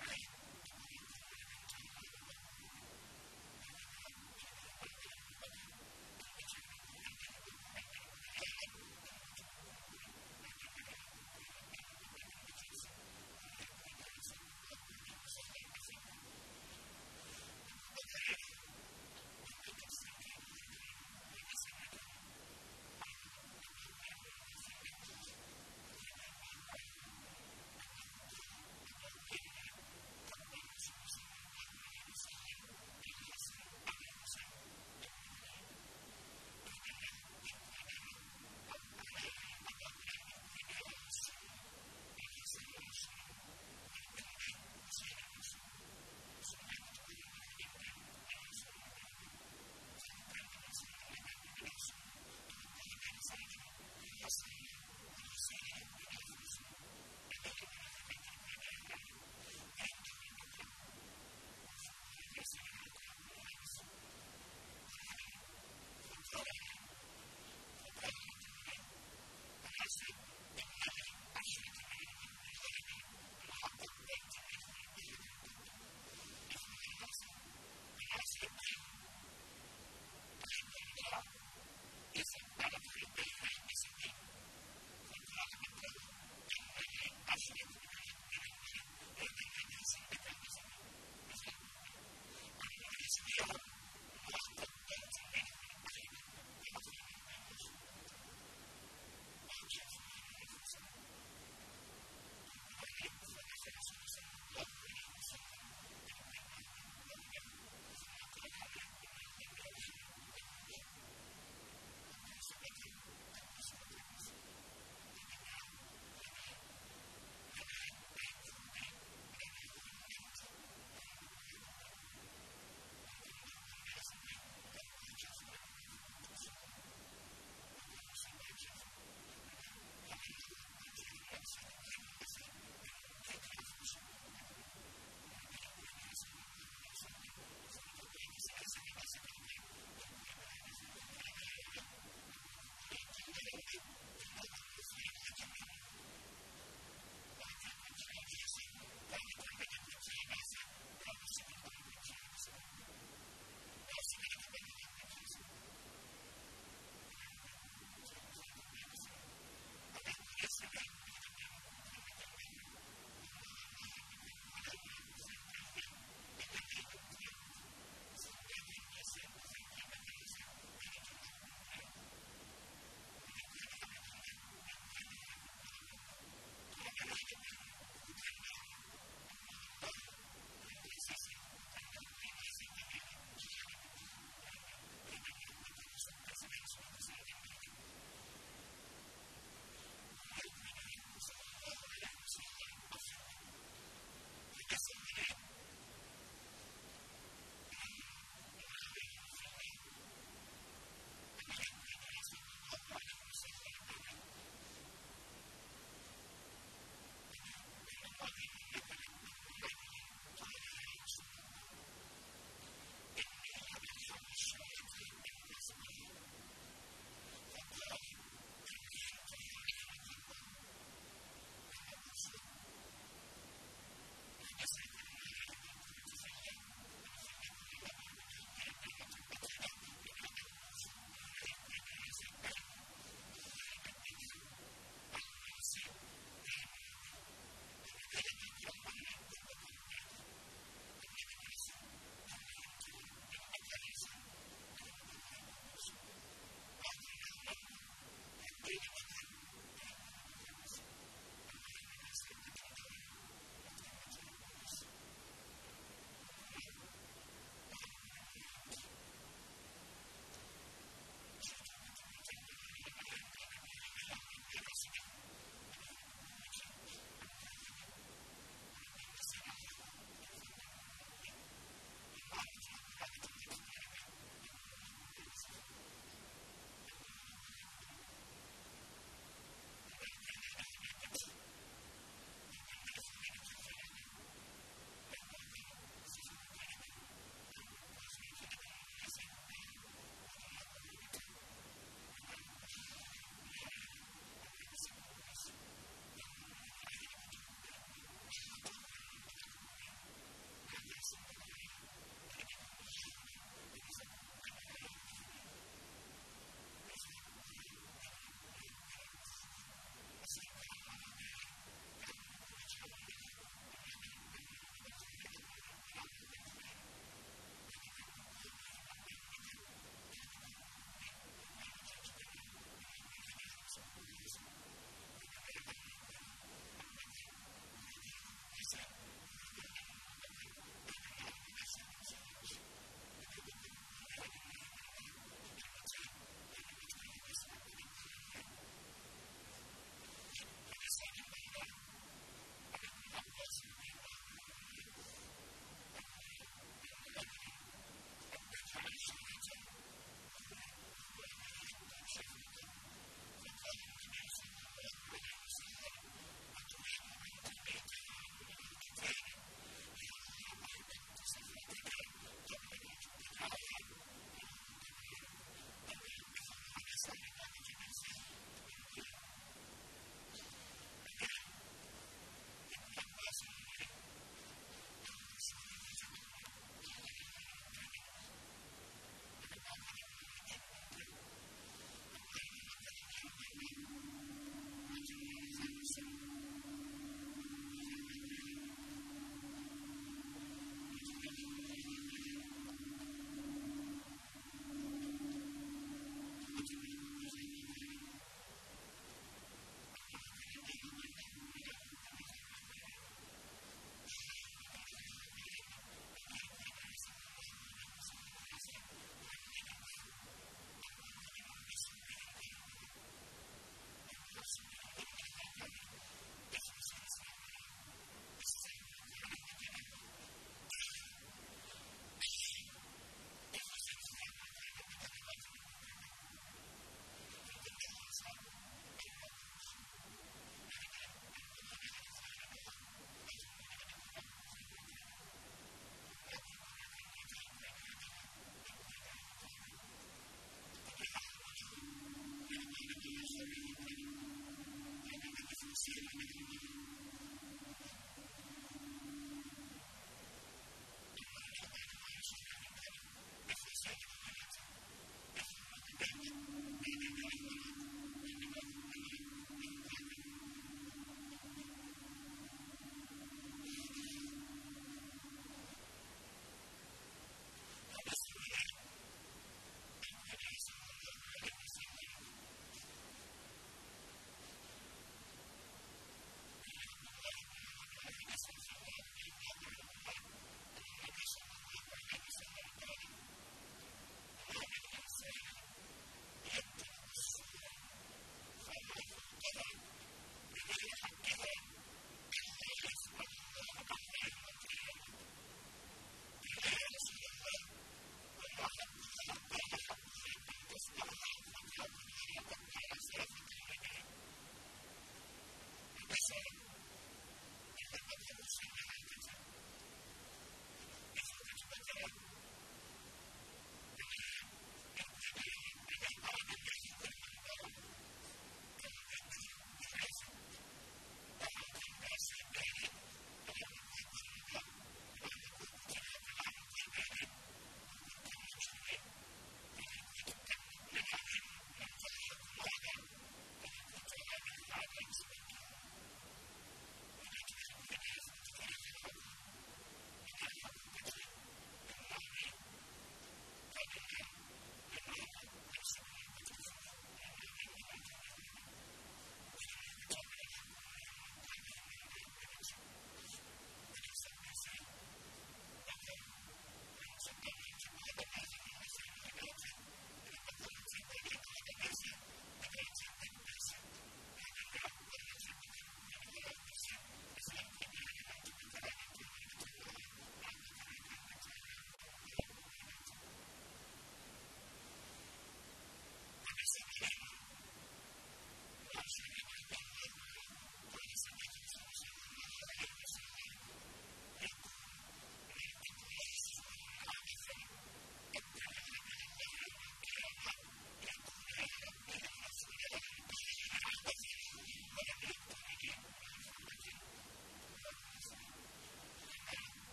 Thank you.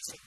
is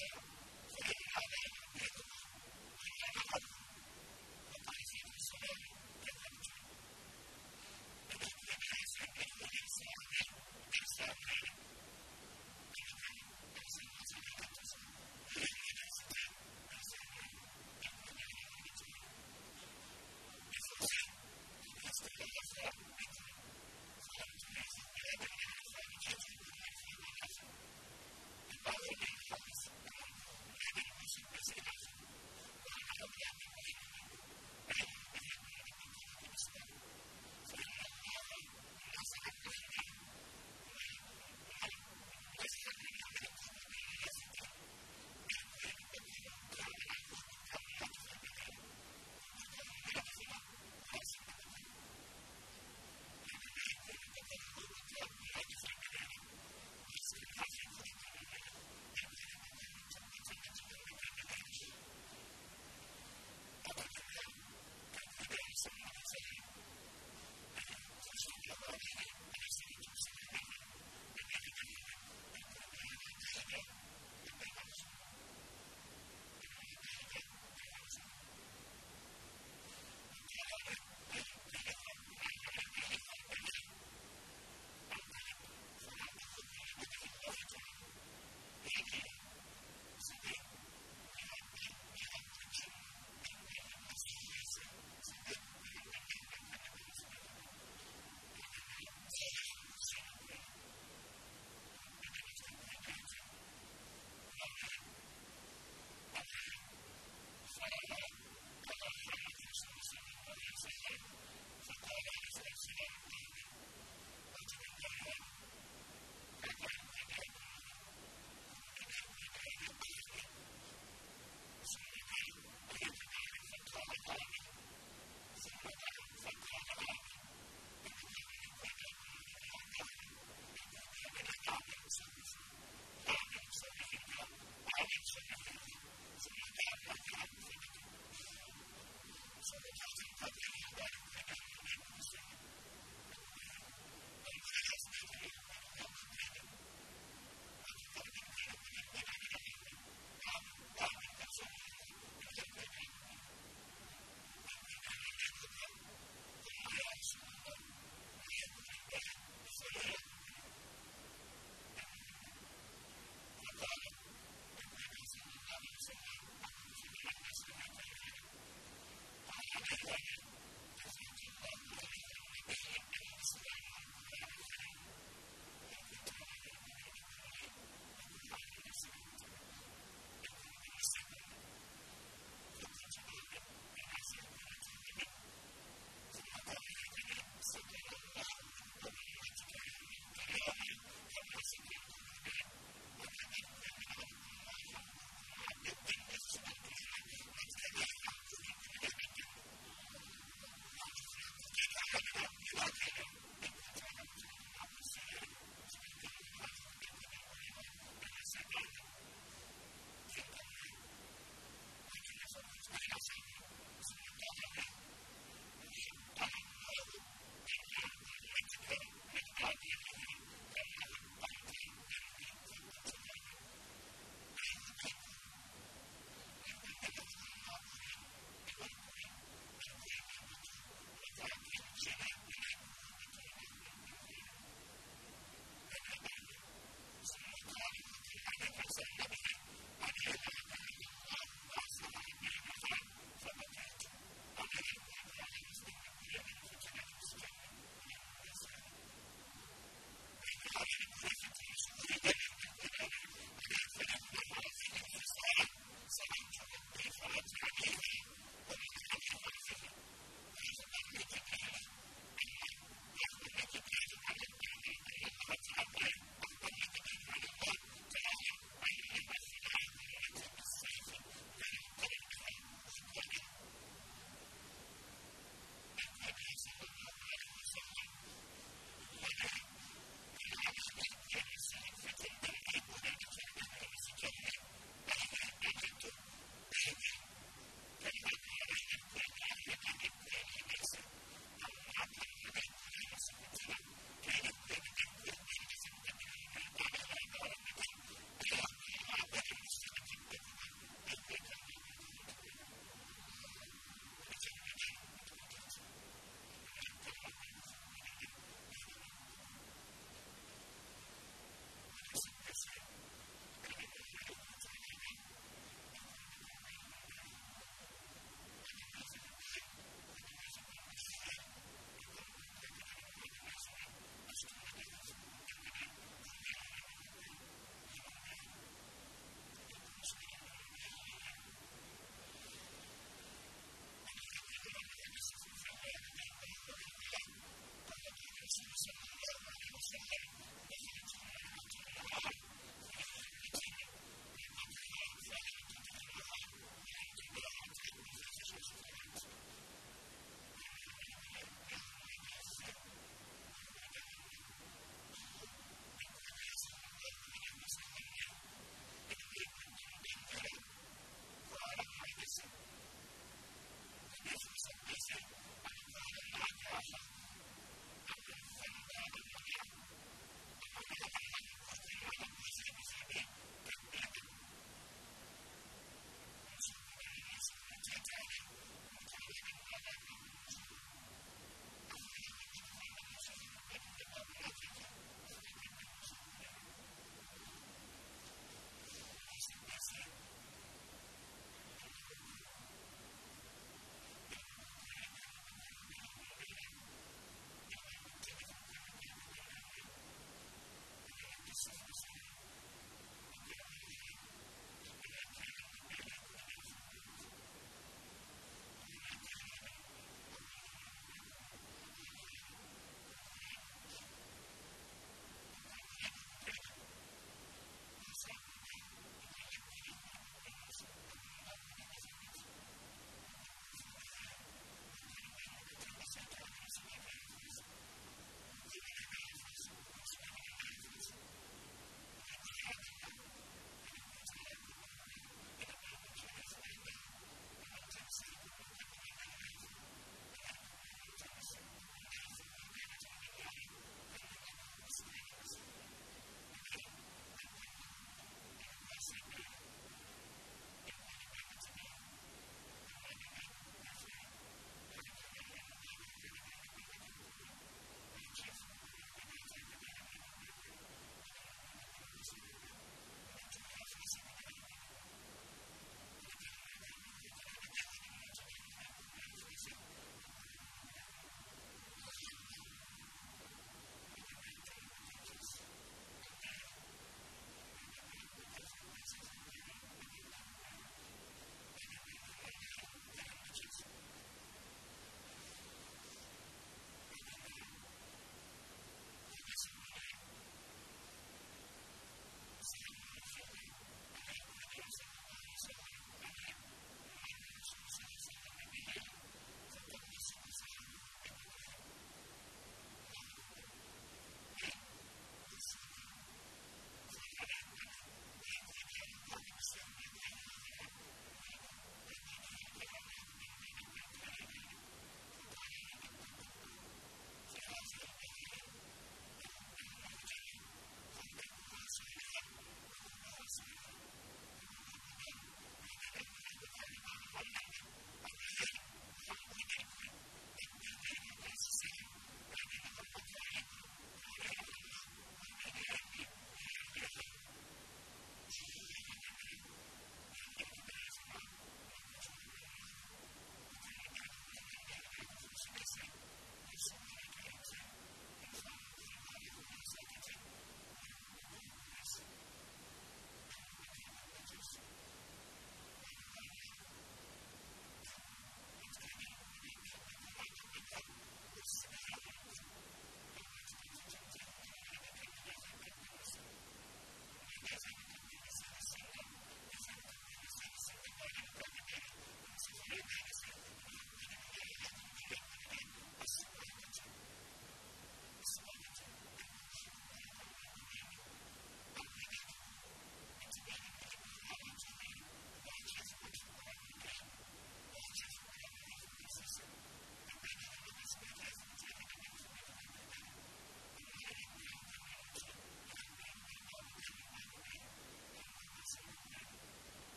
Thank you.